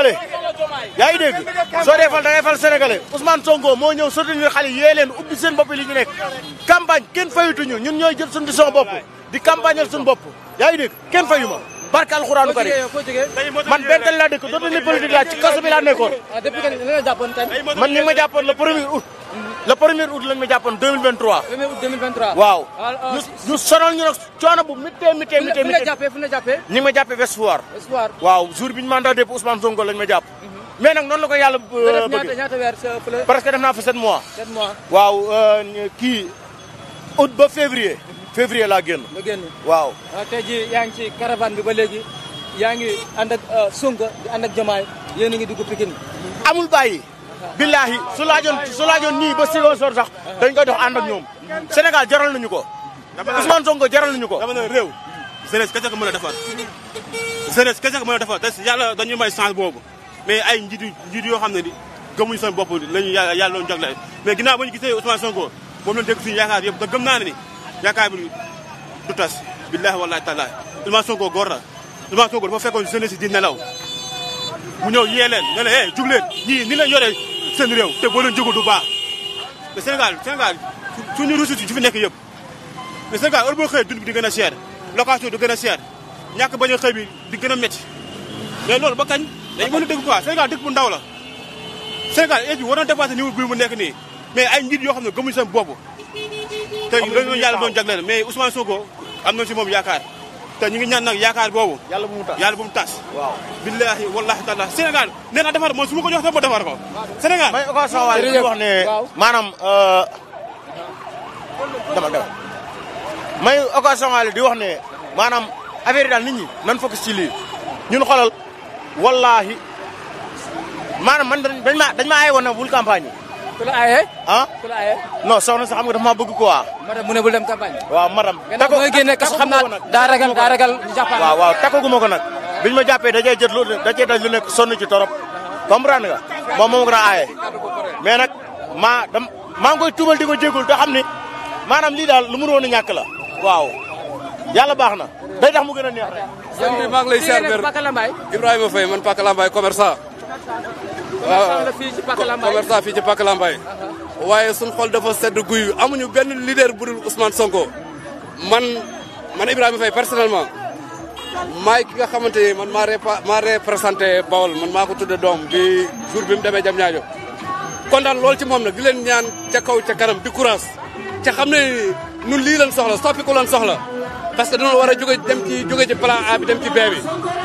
sénégalais yaa soo dee fal da fal sénégalais Ousmane Sonko moo ñëw soutenir xale yee leen ubbi seen bopp li ñu nekk campagne kenn fayutuñu ñun ñooy jël suñu décision bopp di campagnal suñu bopp yaa ngi kenn fayu ma barke alxuraanu kari man benn tali laa dëkk dootuñu politique laa ci kaso bi nekkoon ah, man li ma jàppoon le premier août le premier août lañ ma jàppoon 2023. premier août 2023. waaw ah, ah, ñu ñu sonal ñu nag coono bu mitee mitee mitee. fu la jàppee fu la jàppee. ma jàppee Ouest waaw jour bi ñu mandat dépôt Ousmane Sonko ma jàpp. Mhm. mais nag noonu la ko yàlla euh, bëgg ñaata weer sa euh, presque def naa fa 7 mois. 7 waaw euh, kii août ba févrie févrie laa génn. nga génn waaw. Ah, te ji yaa ngi ci caravane bi ba léegi yaa ngi ànd ak Sonko di ànd ak Diomaye yéen a ngi dugg Pikine. amul bàyyi. billaahi su laajoon su laajoon nii ba Ségol Sor sax dañ koy dox ànd ak ñoom Sénégal jaral nañu ko. Ousmane Sonko jaral nañu ko. dama ne réew jeunesse kese ko mën a defar jeunesse kese ke mën a defar te yàlla dañuy may chance boobu mais ay njiit yu yoo xam ne ni gëmuñu seen bopp lañu yàlla yàlla doon jagleel mais ginnaaw ba ñu gisee Ousmane Sonko moom lañ dégg suñu yaakaar yëpp te gëm naa ne ni yaakaar bi du tas billaahi wallaahi taalaahi Ousmane Sonko góor la Ousmane Sonko dafa fekkoon jeunesse di nelaw mu ñëw yee leen ne eh, seen réew te boo leen du baax mais Sénégal Sénégal suñu ressources yi nekk yëpp mais Sénégal heure boo xëyee dund bi di gën a cher location du gën a cher ñàkk bañ a di gën a métti loolu ba kañ dañu mën a dégg quoi Sénégal dëkk bu ndaw la Sénégal heure bi war na bii mu nekk nii mais ay njiit yoo xam ne gëmuñu seen bopp te loolu yàlla doon jagleel mais Ousmane Sonko am na ci moom yaakaar te ñu ngi ñaan nag yaakaar boobu. yàlla bu mu tas yàlla bu mu tas. waaw billaahi wallaahi taala Sénégal nee naa defar moom su ma ko jox te ma defar ko. Sénégal may occasion waaye wax ne maanaam. Euh, may occasion di wax ne maanaam affaire daal nit ñi nan focus ci lii ñun xoolal wallaahi maanaam man dañ ma dañ ma na wul campagne ku la ayé han ku la ayé non soxna sa xam nga dafa ma bëgg quoi madam mu ne bul dem campagne waaw madam tako moy génné kass xam naa daa ragal daa ragal jàppaan waaw waaw tako guma ko nag biñ ma jàppee dajee jët lu dajee daj lu nekk sonn ci torop comprendre nga moom moom nga ayé mais nag ma dam maa ngi koy tuumal di ko jégul te xam ni maanaam lii daal lu mu roon a ñàkk la waaw yàlla baax na day tax commerçant fi ci Pàkk Lambaay sun suñ xol dafa sedd guy amuñu benn leader bu dul Ousmane Sonko man man ibrahim Faye personnellement maay ki nga xamante ni man maa maa représenté Bawol man maa ko tudde doom bi jour bi mu demee jam ñaajo kontaan lool ci moom nag di leen ñaan ca kaw ca kanam di courage ca xam ne nun lii lan soxla soppi ko lan soxla parce que dañoo war a jóge dem ci jóge ci plan A bi dem ci B bi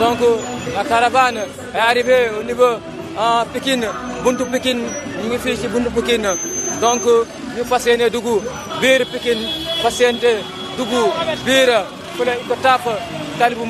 Donc la caravane est arrivée au niveau euh, buntu Pikine ñu ngi fii buntu Pikine donc ñu fas yéene biir Pikine fas yéene biir fële ko taaf tali bu